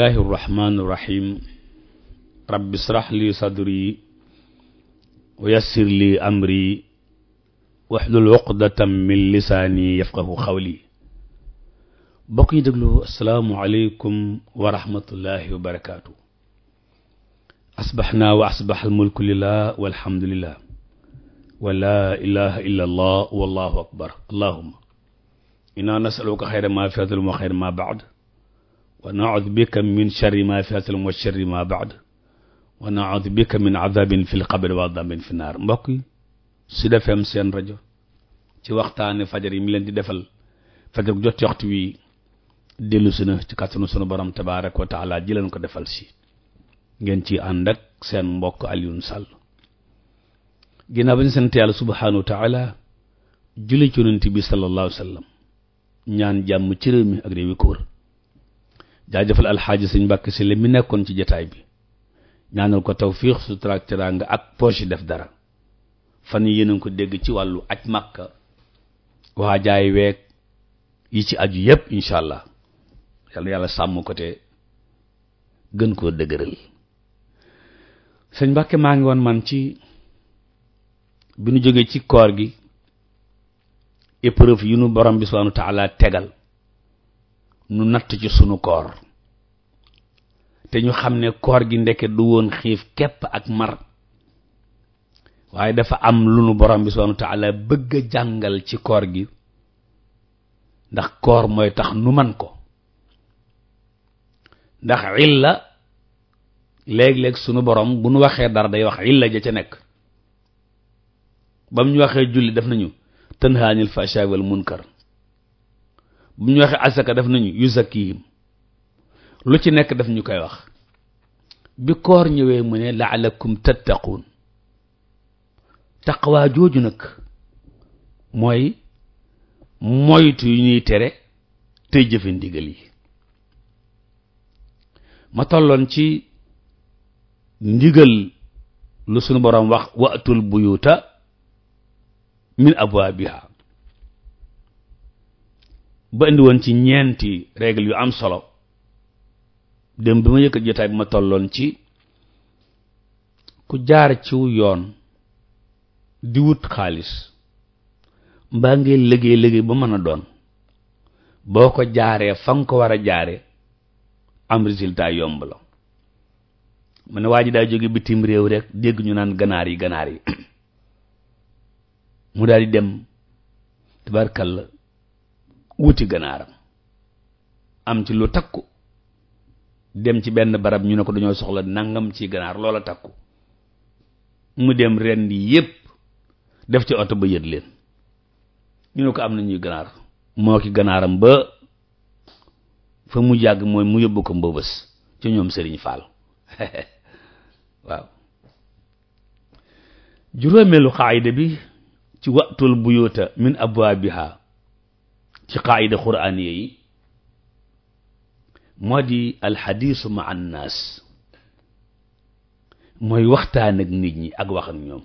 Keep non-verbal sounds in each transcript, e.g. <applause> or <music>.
bismillahi irrahmani irrahim rabbi israh li sadri wa yassir li amri waxlul uqdatam min lisaani yafqahu xawli bokk ñu déglu asalaamualeykum wa rahmatullahi wa barakaatu asbaxnaa wa asbax almulku lillah walhamdulillah wa laa ilaha illa allah wallahu akbar allahuma inna nasaluka xayra ma fi wa xayra ma baad wa naudu bika min sharri ma fi aslam ma baad wa naudu bika min adabin fi lqabri wa adabin fi naar mbokk yi Sud seen rajo ci waxtaane fajar yi mi leen di defal fajar jot ci waxtu wi dellu si na ci kàttanu sunu borom tabaaraka wa taala ji leen ko defal si ngeen ci ànd seen mbokk Alioune sal ginnaaw ba ñu sant yàlla subhaanahu wa taala julli ci yonent bi sallallahu alayhi ñaan jàmm ci réew ak réew ko wër jaajëfal alxaaji sëñ Mbàkke si la mi nekkoon ci jataay bi ñaanal ko tawfiix su tractera nga ak poche def dara fan yéen a ko dégg ci wàllu aj màkka waa jaay weeg yi ci aju yépp incha allah yàlla yàlla sàmm ko te gën koo dëgëral sëñ Mbàkke maa ngi woon man ci bi nu jógee ci koor gi épreuve yu nu borom bi subhaanahu wa tegal nu natt ci sunu koor te ñu xam ne koor gi ndeke du woon xiif képp ak mar waaye dafa am lu nu borom bi subhanahu wa bëgg jàngal ci koor gi ndax koor mooy tax nu man ko ndax illa léeg-léeg sunu borom bu nu waxee dara day wax illa ja ca nekk ba mu ñu waxee julli def nañu tanhaanil fasha wal munkar bu ñu waxee asaka def nañu yu zakkihim lu ci nekk def ñu koy wax bi koor ñëwee mu ne laalakum tattaquun taqwaa jooju nag mooy moytu yu ñuy tere tey jëfe ndigal yi ma tolloon ci ndigal lu sunu boroom wax waatul buyuta min abwaabiha ba indi woon ci ñeenti règle yu am solo dem bi ma yëkkat jotaay bi ma tolloon ci ku jaar ciw yoon di wut xaalis mbaa ngay liggéey liggéey ba mën a doon boo ko jaaree fa ko war a jaare am résultat yomb la mu ne waa daa jóge bitim réew rek dégg ñu naan ganaar yi ganaar yi <clears throat> mu daal di dem tabarkalla wuti ganaaram am ci lu takku dem ci benn barab ñu ne ko dañoo soxla nangam ci ganaar loola takku mu dem rendi yépp def ci oto ba yët leen ñu ne ko am na ñuy ganaar moo ki ganaaram ba fa mu jàgg mooy mu yóbbu ko mbëbës ci ñoom sëriñ Fall <laughs> waaw juróomeelu xaayida bi ci waxtul buyuta min abwaabiha ci qaayida quraaniya yi moo di alxadiisu ma annaas mooy waxtaan ak nit ñi ak wax ñoom ñoom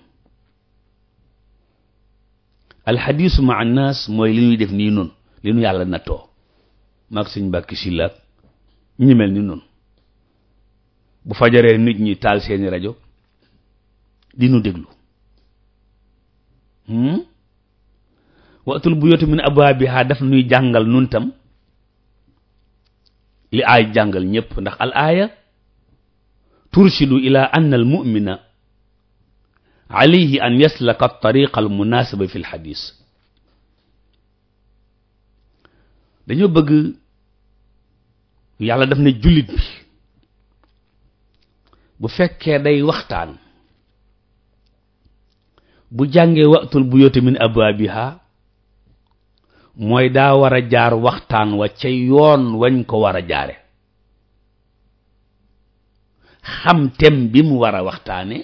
alxadiisu ma annaas mooy li ñuy def nii noonu li ñu yàlla nattoo maag sëñ Mbàkke Sylla ñu mel ni noonu bu fajaree nit ñi taal seeni rajo di nu déglu hmm? waatul buyuuta min abwaabihaa daf nuy jàngal nun li aay jàngal ñépp ndax al aaya turshidu ila anna al mu'mina an yaslaka tariqa al munasiba fi l dañoo bëgg yàlla daf ne jullit bi bu fekkee day waxtaan bu jàngee wa'tul buyuuta min abwaabihaa mooy daa war a jaar waxtaan wa ca yoon wañ ko war a jaare xam tem bi mu war a waxtaane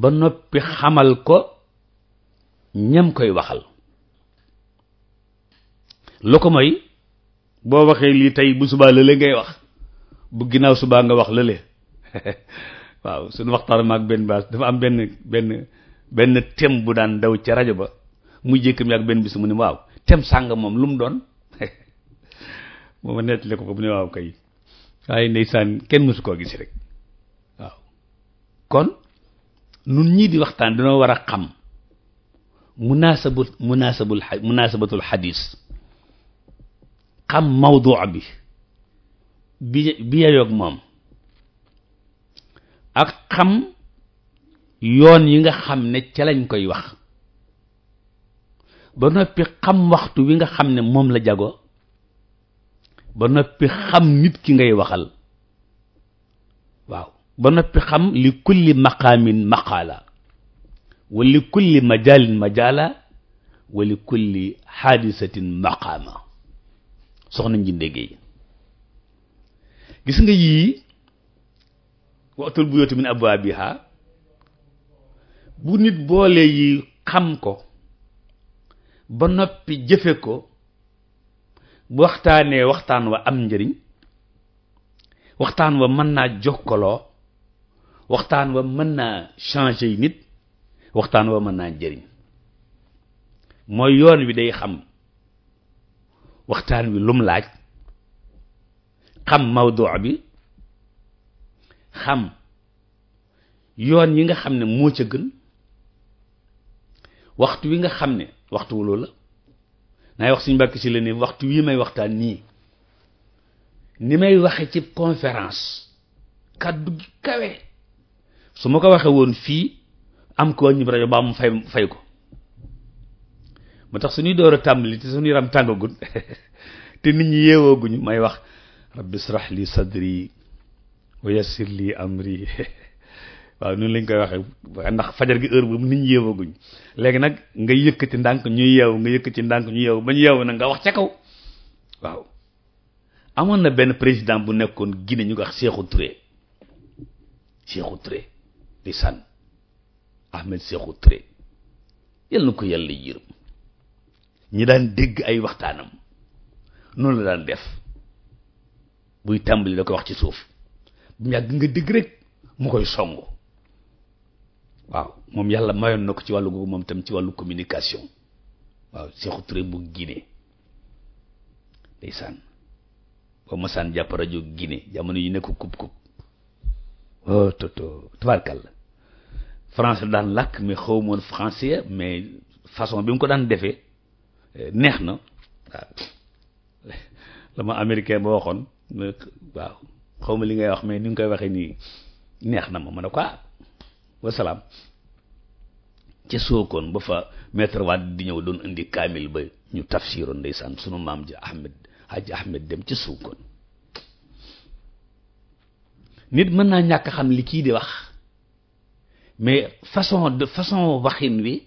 ba noppi xamal ko ñam koy waxal lu ko moy boo waxee lii tey bu subaa lële ngay wax bu ginnaaw subaa nga wax lële <laughs> waaw suñu waxtaan maag benn baas dafa am benn benn benn tem bu daan daw ca rajo ba mu jékkam yàgg benn bis mu ne waaw tem sàng moom lu mu doon <laughs> mooma nettali ko ko bu ne waaw kay waaye ndeysaan kenn mësu koo gis rek waaw kon nun ñii di waxtaan dañoo war a xam munaasabul munaasabul munaasabatul xadiis xam mawduu bi bi bi yayoog moom ak xam yoon yi nga xam ne ca lañ koy wax ba noppi xam waxtu wi nga xam ne moom la jago ba noppi xam nit ki ngay waxal waaw ba noppi xam li kulli maqaamin maqaala wa li kulli majaalin majaala wa li kulli xaadisatin maqaama soxna Njinde Géey gis nga yii waxtul bu yootu min abwaabiha bu nit boole yi xam ko ba noppi jëfe ko bu waxtaanee waxtaan wa am njëriñ waxtaan wa mën naa jokkaloo waxtaan wa mën naa changer yi nit waxtaan wa mën naa njëriñ mooy yoon wi day xam waxtaan wi lum laaj xam mawduu bi xam yoon yi nga xam ne moo ca gën waxtu wi nga xam ne waxtu wu loolu la naay wax suñu mbàkk si la ni waxtu wii may waxtaan nii ni may waxe ci conférence kàddu gi kawe su ma ko waxee woon fii am ko wàññi rajo ba mu fay fay ko ma tax suñuy door a tàmbali te suñu yaram tàngagut <laughs> te nit ñi yeewooguñu may wax rabbi israh li sadri wa yassir li amri <laughs> waaw noonu lañ koy waxee ndax fajar gi heure boobu nit ñi yeewaguñ léegi nag nga yëkkati ndànk ñu yeewu nga yëkkati ndànk ñu yeewu ba ñu yeewu nag nga wax ca kaw waaw amoon na benn président bu nekkoon Guinée ñu ko wax Sékou Touré Sékou Touré di sànn Ahmed Sékou Touré yal na ko yàlla yërëm ñi daan dégg ay waxtaanam noonu la daan def buy tàmbali da ko wax ci suuf bu yàgg nga dégg rek mu koy songu waaw moom yàlla mayoon na ko ci wàllu googu moom tam ci wàllu communication waaw Sékou Touré bu Guinée ndeysaan boo masaan jàpp rajo Guinée jamono yi nekk kub kub oh toto tubaarkàlla français daan làkk mais xaw ma français mais façon bi mu ko daan defee eh, neex na waaw la américain ba waxoon waaw xaw ma li ngay wax mais ni nga koy waxee nii neex na ma ma ne quoi wasalaam ca sookoon ba fa maître Wade di ñëw doon indi kaamil ba ñu tafsiroon ndeysaan sunu maam ji Ahmed Hadj Ahmed dem ca sookoon nit mën naa ñàkk xam li kii di wax mais façon de façon waxin wi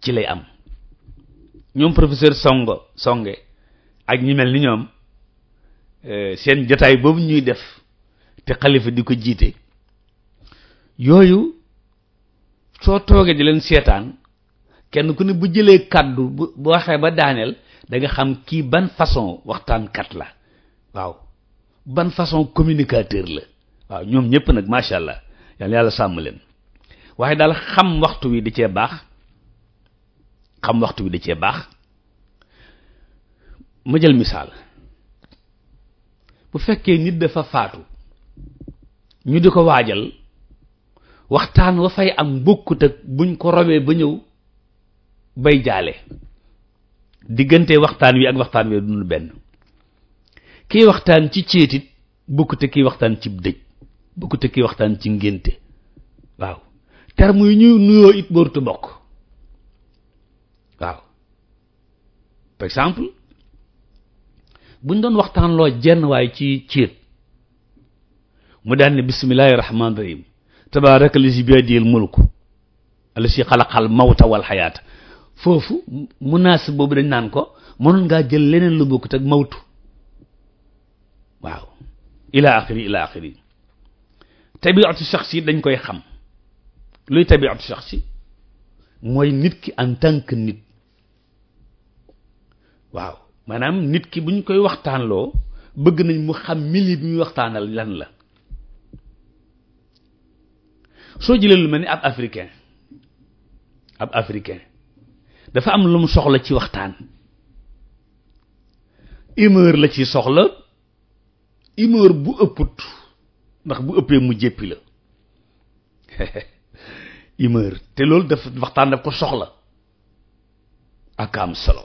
ci lay am ñoom professeur Songo Songe ak ñi mel ni ñoom eh, seen jotaay boobu ñuy def te xalifa di ko jiite yooyu soo toogee di leen seetaan kenn ku ne bu jëlee kàddu bu bu waxee ba daaneel da nga xam kii ban façon waxtaankat la waaw ban façon communicateur la waaw ñoom ñëpp nag macha allah yàlla yàlla sàmm leen waaye daal xam waxtu wi di cee baax xam waxtu wi di cee baax ma jël misaal bu fekkee nit dafa faatu ñu di ko waajal. waxtaan wa fay am bokkut ak buñ ko romee ba ñëw bay jaale diggante waxtaan wi ak waxtaan wi dunu benn kiy waxtaan ci céetit bokkute kii waxtaan ci dëj bokkute kii waxtaan ci ngénte waaw terme yu ñuy nuyoo it boorutu bokk waaw par exemple buñ doon waxtaan loo jenn waay ci céet mu daan ne bismillaahi rahmaani rahim tabaaraka lazi biyadihil mulku allazi xalaqal mawta wal xayaata foofu munaasib boobu dañ naan ko mënoon ngaa jël leneen lu bokkut ak mawtu waaw ila axiri ila axiri tabiatu shaxsi dañ koy xam luy tabiatu shaxsi mooy nit ki en tànk nit waaw maanaam nit ki bu ñu koy waxtaanloo bëgg nañ mu xam milieu bi ñuy waxtaanal lan la soo jëlee lu mel ni ab africain ab africain dafa am lu mu soxla ci waxtaan humeur la ci soxla humeur bu ëpput ndax bu ëppee mu jéppi la <laughs> humeur te loolu daf waxtaan daf ko soxla ak am solo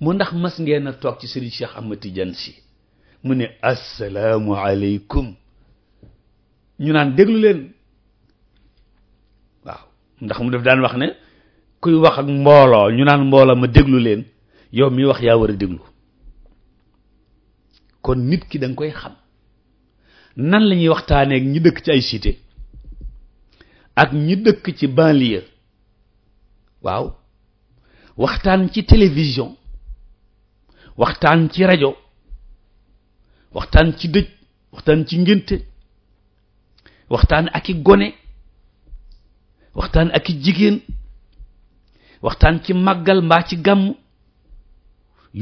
mu ndax mas ngeen a toog ci Serigne Cheikh Ahmad Tidiane si mu ne asalaamu aleykum ñu naan déglu leen waaw ndax mu def daan wax ne kuy wax ak mbooloo ñu naan mbooloo ma déglu leen yow mi wax yaa war a déglu kon nit ki da koy xam nan la ñuy waxtaanee ñi dëkk ci ay cité ak ñi dëkk ci banlieue waaw waxtaan ci télévision waxtaan ci rajo waxtaan ci dëj waxtaan ci ngénte waxtaan ak i gone waxtaan ak i jigéen waxtaan ci màggal mbaa ci gàmm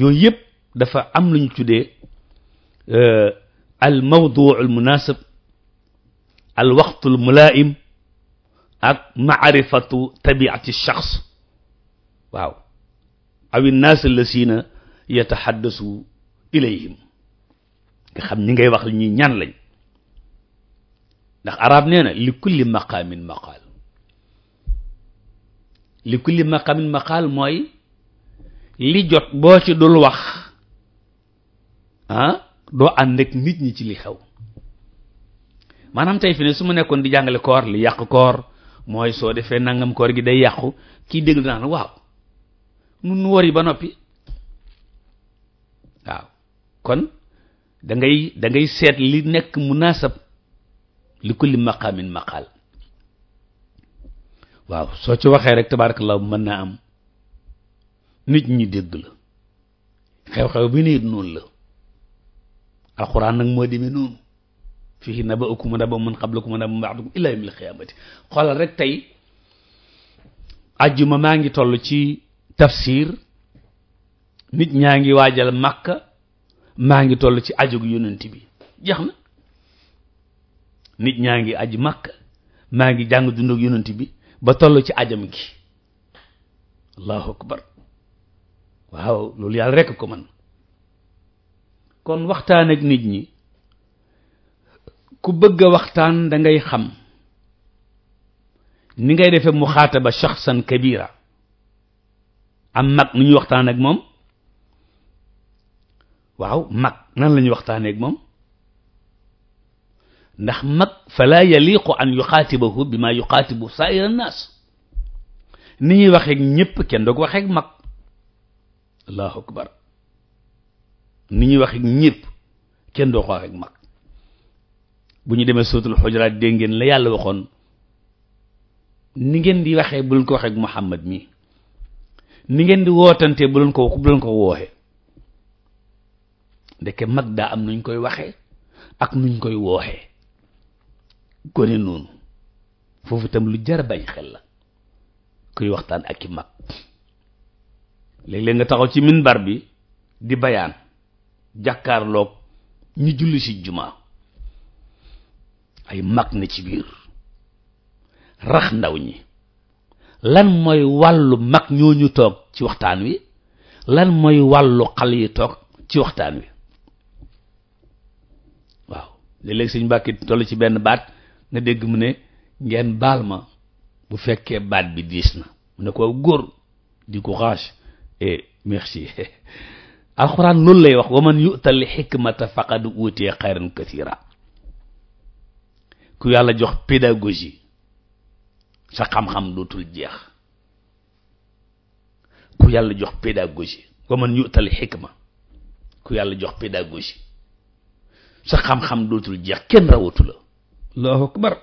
yooyu yëpp dafa am lu ñu tuddee euh, al mawduu al munasib al waqtu al mulaim ak maarifatu shaxs waaw aw innaas allasina yataxaddasu ilayhim nga xam ni ngay wax li ñuy ñaan lañ ndax arab nee na li kulli maqaamin maqaal li kulli maqaamin maqaal mooy li jot boo ci dul wax ah doo ànd ak nit ñi ci li xew maanaam tey fi ne su ma nekkoon di jàngale koor li yàq koor mooy soo defee nangam koor gi day yàqu kii déglu naa waaw nun nu yi ba noppi waaw kon da ngay da ngay seet li nekk munaasab li kulli maqaamin maqaal waaw soo ci waxee rek tabaarakallaahu mën naa am nit ñi dégg la xew-xew bi nit noonu la alxuraan nag moo demee noonu fii naba'ukum naba'u man qablakum naba'u man ba'dakum ilaa yawmil qiyaamati xoolal rek tey ajjuma maa ngi toll ci tafsir nit ñaa ngi waajal makka maa ngi toll ci ajug yonent bi nit ñaa ngi aj makka maa ngi jàng dund ak yonent bi ba toll ci ajam gi allahu akbar waaw loolu yàlla rekk ko man kon waxtaan ak nit ñi ku bëgg a waxtaan dangay xam ni ngay defee muxaataba shaxsan kabira am mag nu ñuy waxtaan ak moom waaw mag nan la ñuy waxtaanee ak moom ndax mag fala yaliqu an yuxaatibahu bi ma yuxaatibu saa'ir annaas ni ñuy waxeek ñépp kenn doog waxeek mag allahu akbar ni ñuy waxeek ñépp kenn doo ko mag bu ñu demee suratul xujuraat dégg ngeen la yàlla waxoon ni ngeen di waxee bu leen ko waxeek muhammad mi ni ngeen di wootante bu leen ko bu leen ko wooxe ndeke mag daa am nuñ koy waxee ak nuñ koy wooxee gone noonu foofu itam lu jar bàyyi xel la kuy waxtaan ak i mag léeg-léeg nga taxaw ci minbar bi di bayaan jàkkaarloog ñu julli ci jumaa ay mag na ci biir rax ndaw ñi lan mooy wàllu mag ñooñu toog ci waxtaan wi lan mooy wàllu xal yi toog ci waxtaan wi waaw léeg-léeg suñ mbàkki ci benn baat nga dégg mu ne ngeen baal ma bu fekkee baat bi diis na mu ne ko góor di courage et <laughs> alxuraan loolu lay wax wa man yu'tal xikmata faqad uutiya xayran kathira ku yàlla jox pédagogie sa xam dootul jeex ku yàlla jox pédagogie wa man yu'tal xikma ku yàlla jox pédagogie sa xam-xam dootul jeex kenn rawatu la allahu akbar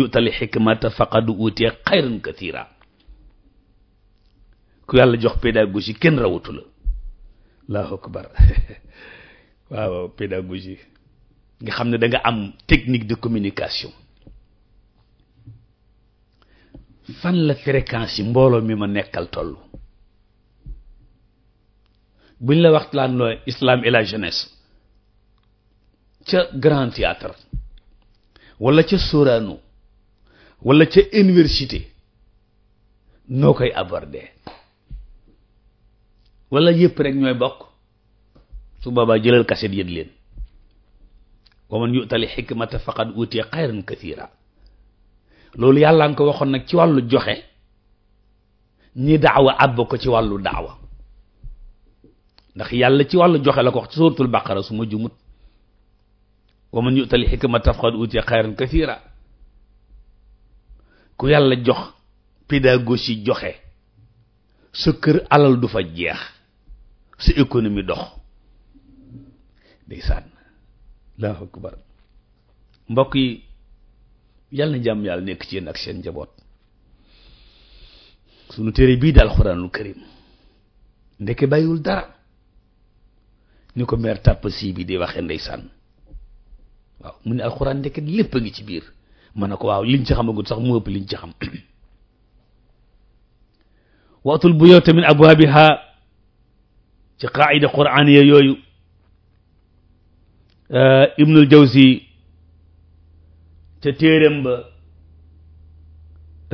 yu'tal hikmata faqad utiya xayran ku yàlla jox pédagogie kenn rawatu la <laughs> waaw pédagogie nga xam ne danga am technique de communication fan la fréquence yi mbooloo mi ma nekkal toll buñ la waxtaan loo islam et la jeunesse ca Grand Théâtre wala ca Sorano wala ca université noo koy aborder walla yëpp rek ñooy bokk su boobaa jëlal kaset yët leen wa man yutali xikmata faqad utiya xayran kathira loolu yàlla nga ko waxoon nag ci wàllu joxe ñi daawa àbb ko ci wàllu daawa ndax yàlla ci wàllu joxe la ko wax ci suratul baqara su ma jumut wa man yu'tal hikmata faqad utiya khayran kathira ku yàlla jox pédagogie joxe sa kër alal du fa jeex sa économie dox ndeysaan allahu akbar mbokk yi yàlla na jàmm yàlla nekk ci yéen ak seen njaboot sunu téere bii daal xuraanul karim ndeke bàyyiwul dara ni ko meer tàpp sii bi di waxe ndeysaan waaw mu ne alxuraan ndeket lépp a ngi ci biir ma ne ko waaw liñ ci xamagul sax mu ëpp liñ ci xam <coughs> waatul bu yow tamit abwaabiha ci qaayida quraaniya yooyu uh, ibnul jawzi ca téeram ba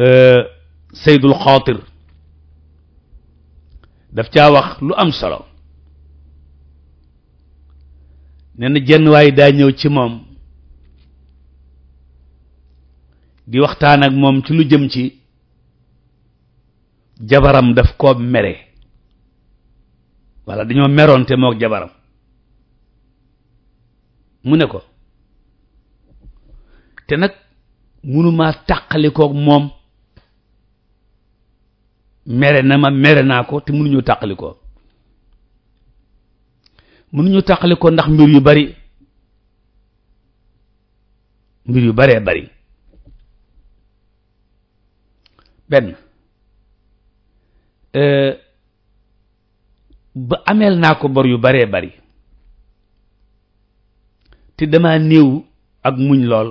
uh, saydul xaatir daf caawax lu am solo nee na jenn waay daa ci mam di waxtaan ak moom ci lu jëm ci jabaram daf koo mere walla dañoo meroonte mook jabaram mu ne ko te nag mënumaa tàqalikook moom mere na ma mere naa ko te mënuñu tàqalikoo mënuñu tàqalikoo ndax mbir yu bari mbir yu baree bari benn euh, ba ameel naa ko bor yu baree bari te dama néew ak muñ lool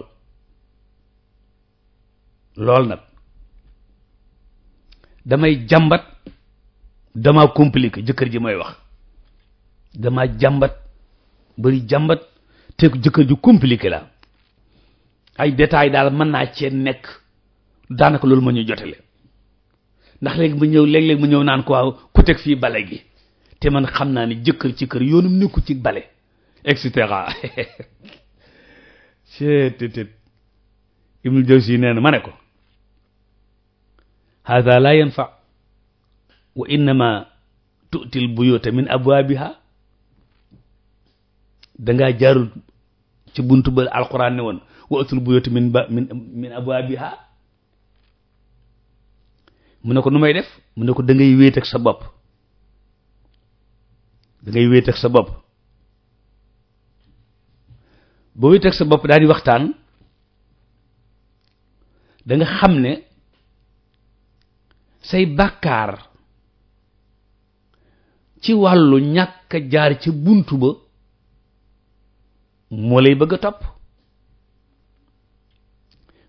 lool nag damay jàmbat dama compliqué jëkkër ji mooy wax dama jàmbat bari jàmbat te jëkkër ju compliqué la ay détails daal mën naa cee nekk daanaka loolu ma ñu jotale ndax léegi mu ñëw léeg mu ñëw naan ko waaw ku teg fii bale gi te man xam naa ne jëkkër ci kër yoonum nekku ci bale et cetera <laughs> cettt Ibnul Jawzi nee na ma ne ko hada la yanfa wa innama tu'til buyuta min abwaabiha dangaa jaarul ci buntu ba alquran ne woon wa atul buyuta min ba mu ne ko nu may def mu ne ko da ngay wéet ak sa bopp da ngay wéet ak sa bopp boo wéet ak sa bopp daal di waxtaan danga xam ne say bàkkaar ci wàllu ñàkk jaar ci bunt ba moo lay bëgg a topp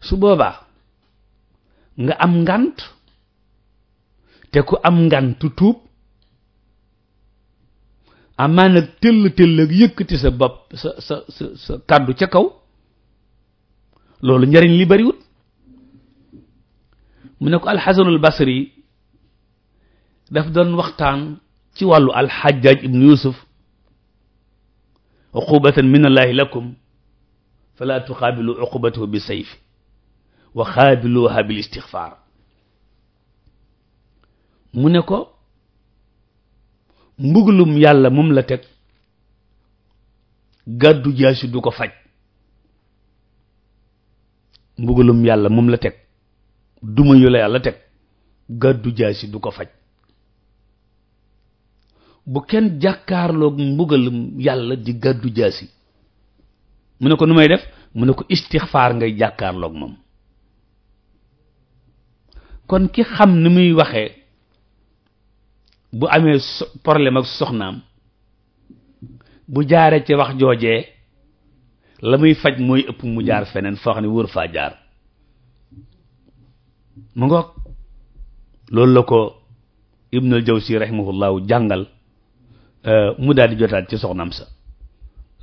su boobaa nga am ngànt te am ngantu tuub amaa nag tëll tëll ak yëkkati sa bopp sa sa sa sa kàddu ca kaw loolu njariñ li bariwut mu ne ko alxasanul basri daf doon waxtaan ci wàllu alxajjaaj ibnu yusuf uqubatan min allahi lakum fala tuqaabilu uqubatahu bi sayfi wa qaabiluha bil istixfaar mu ne ko mbuglum yàlla moom la teg gàddu jaasi du ko faj mbugalum yàlla moom la teg duma yu la yàlla teg gàddu jaasi du ko faj bu kenn jàkkaarloog mbugalum yàlla di gàddu jaasi mu ne ko nu may def mu ne ko istixfaar ngay jàkkaarloog moom kon ki xam ni muy waxee bu amee problème ak soxnaam bu jaaree ci wax joojee la muy faj mooy ëpp mu jaar feneen foo xam ne wóor faa jaar mu ngoog loolu la ko Ibnul Jawzi rahimahullahu jàngal euh, mu daal di jotaat ci soxnaam sa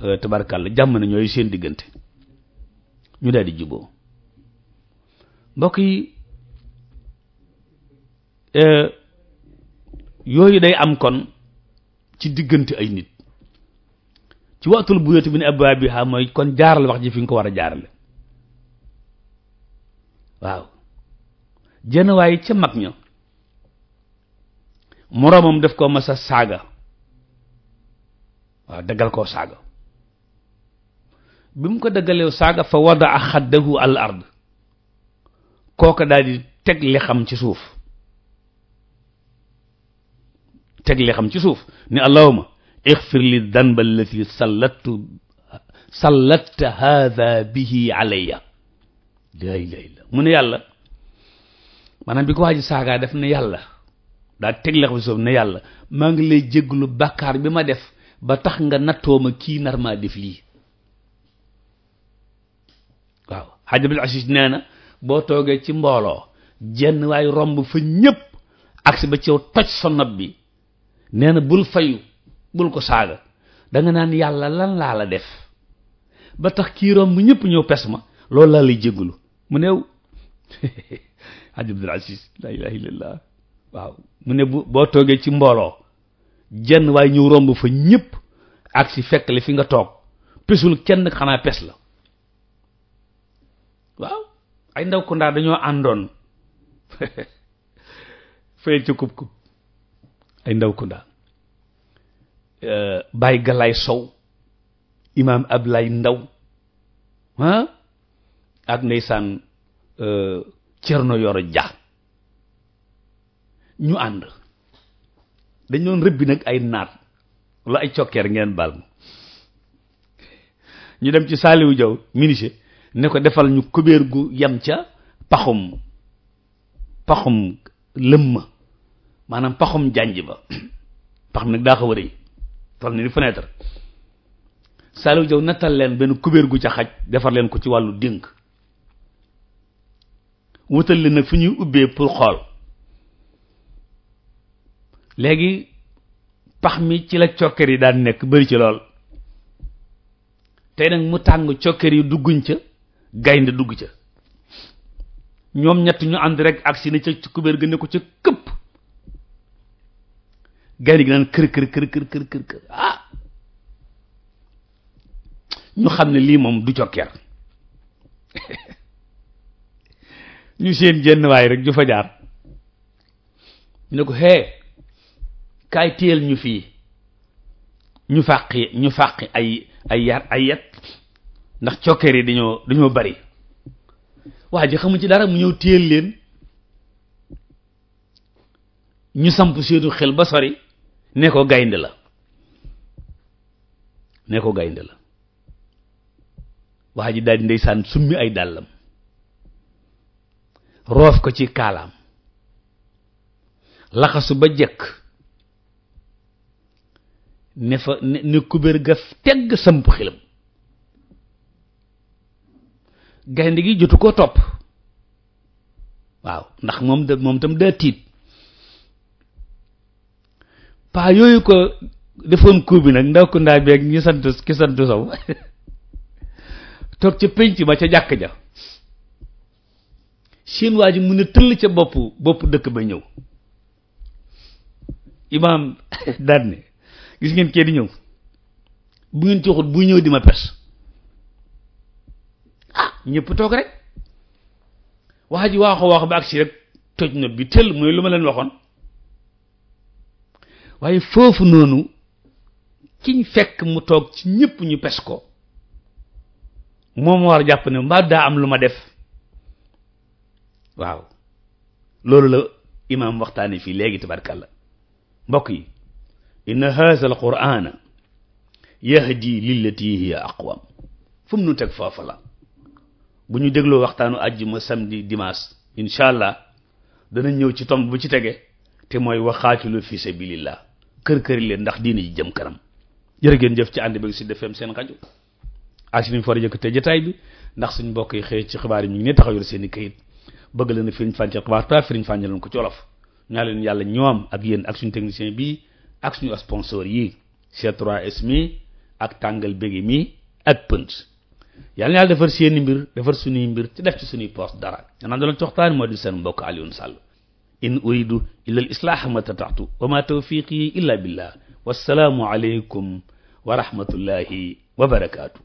euh, tabarkàlla jàmm na ñooy seen diggante ñu daal di juboo mbokk yi euh, yooyu day am kon ci diggante ay nit ci waxtul buyuti min abwaabiha mooy kon jaaral wax ji fi nga ko war a jaarale waaw jenn waaye ca mag ña moroomam def koo ma a saaga waaw daggal koo saaga bi mu ko daggalee saaga fa wada a xaddahu al ard kooka daal di teg li xam ci suuf teg li ci suuf ne allahuma ixfir li danba allati sallattu sallatta haada bihi alayya la ilaha mu ne yàlla maanaam bi waa ji def ne yàlla daa teg yàlla maa ngi lay jéglu bàkkaar bi ma def ba tax nga nattooma kii nar maa def lii waaw xaj abdul asis nee boo toogee ci mbooloo jenn waaye romb fa ñëpp agsi ba ci toj sa bi nee na bul fayu bul ko saaga danga naan yàlla lan laa la def ba tax kii romb ñëpp ñëw pes ma loolu laa lay jéggulu mu new <laughs> Hadj Abdul Aziz la ilaha illallah waaw mu ne bu boo toogee ci mbooloo jenn waaye ñëw romb fa ñëpp ak si fekk li fi nga toog pesul kenn xanaa pes la waaw ay ndaw ko ndaa dañoo àndoon <laughs> fay ci kub kub ay ndaw kunda euh, Baye Galaye Sow imaam Ablaye Ndaw ah ak ndeysaan Cerno euh, Yoro Ja ñu ànd dañ doon rëbbi nag ay naat wala ay cokkeer ngeen baal ma ñu dem ci Saaliwu Jaw ministre ne ko defal ñu kubéer gu yam ca paxum paxum lëmm maanaam paxum janj ba <clears throat> pax mi nag daa xaw a rëy toll ni fenêtre Saliou Diaw nattal leen benn kubéer gu ca xaj defar leen ko ci wàllu dénk wutal leen nag fu ñuy ubbee pour xool léegi pax mi ci la cokkeer yi daan nekk bëri ci lool tey nag mu tàng cokkeer yi dugguñ ca gaynde dugg ca ñoom ñett ñu ànd rek agsi na ca kubéer ga ne ko ca këpp gaynde gi naan kër kër kër kër kër kër kër ah ñu xam ne lii moom du cokkeer <laughs> ñu seen jenn waay rek ju fa ñu ne ko hee kaay téyel ñu fii ñu fàqi ñu fàqi ay ay yar ay yet ndax cokkeer yi dañoo dañoo bari waa ji xamu ci dara mu ñëw téyel leen ñu samp seetu xel ba sori ne ko gaynde la ne ko gaynde la waa ji daal di ndeysaan summi ay dàllam roof ko ci kaalaam laxasu ba jëkk ne fa ne ne kubéer ga tegg samp xilam gaynde gi jotu ko topp waaw ndax moom da moom tam daa tiit paa yooyu ko defoon coup bi nag ndaw ko ndaa beeg ñu sant ki sant saw toog ca pénc ma ca jàkk ja seen waa ji mun a tëll ca bopp bopp dëkk ba ñëw imaam daan ne gis ngeen kee di ñëw bu ngeen ci bu ñëw di ma pes ah ñëpp toog rek waa waaxoo waaxu ba agsi rek toj na bi tëll mooy lu ma leen waxoon waaye foofu noonu kiñ fekk mu toog ci ñëpp ñu pes ko moom war jàpp ne mbaa daa am lu ma def waaw loolu la imaam waxtaane fii léegi tabarkalla mbokk yi inna haza al qur'ana yahdi lillati hiya aqwam fu mu nu teg foofu la bu ñu dégloo waxtaanu àjjuma samedi dimanche incha allah dana ñëw ci tomb bu ci tege te mooy waxaatilu fi sabilillah kër-këri leen ndax diine ji jëm kanam jërë ngeen jëf ci ànd ba si defem seen rajo asi niñu far yëkkatee jotaay bi ndax suñ mbokk yi xëy ci xibaar yi ñu ngi ne taxaw yor seen i bëgg leen firiñ fànce xibaar ta firiñ fànce leen ko ci olof ñaa leen yàlla ñoom ak yéen ak suñu technicien bii ak suñu sponsor yi C3S mi ak tàngal bégi mi ak pënt yàlla na yàlla defar seen i mbir defar mbir ci def ci suñuy poste dara ñanaan doon coxtaan moo di seen mbokk Alioune Sall in uridu illa al islaaha ma tataatu wa ma tawfiqi illa billah wassalaamu aleykum wa rahmatullahi wa barakaatu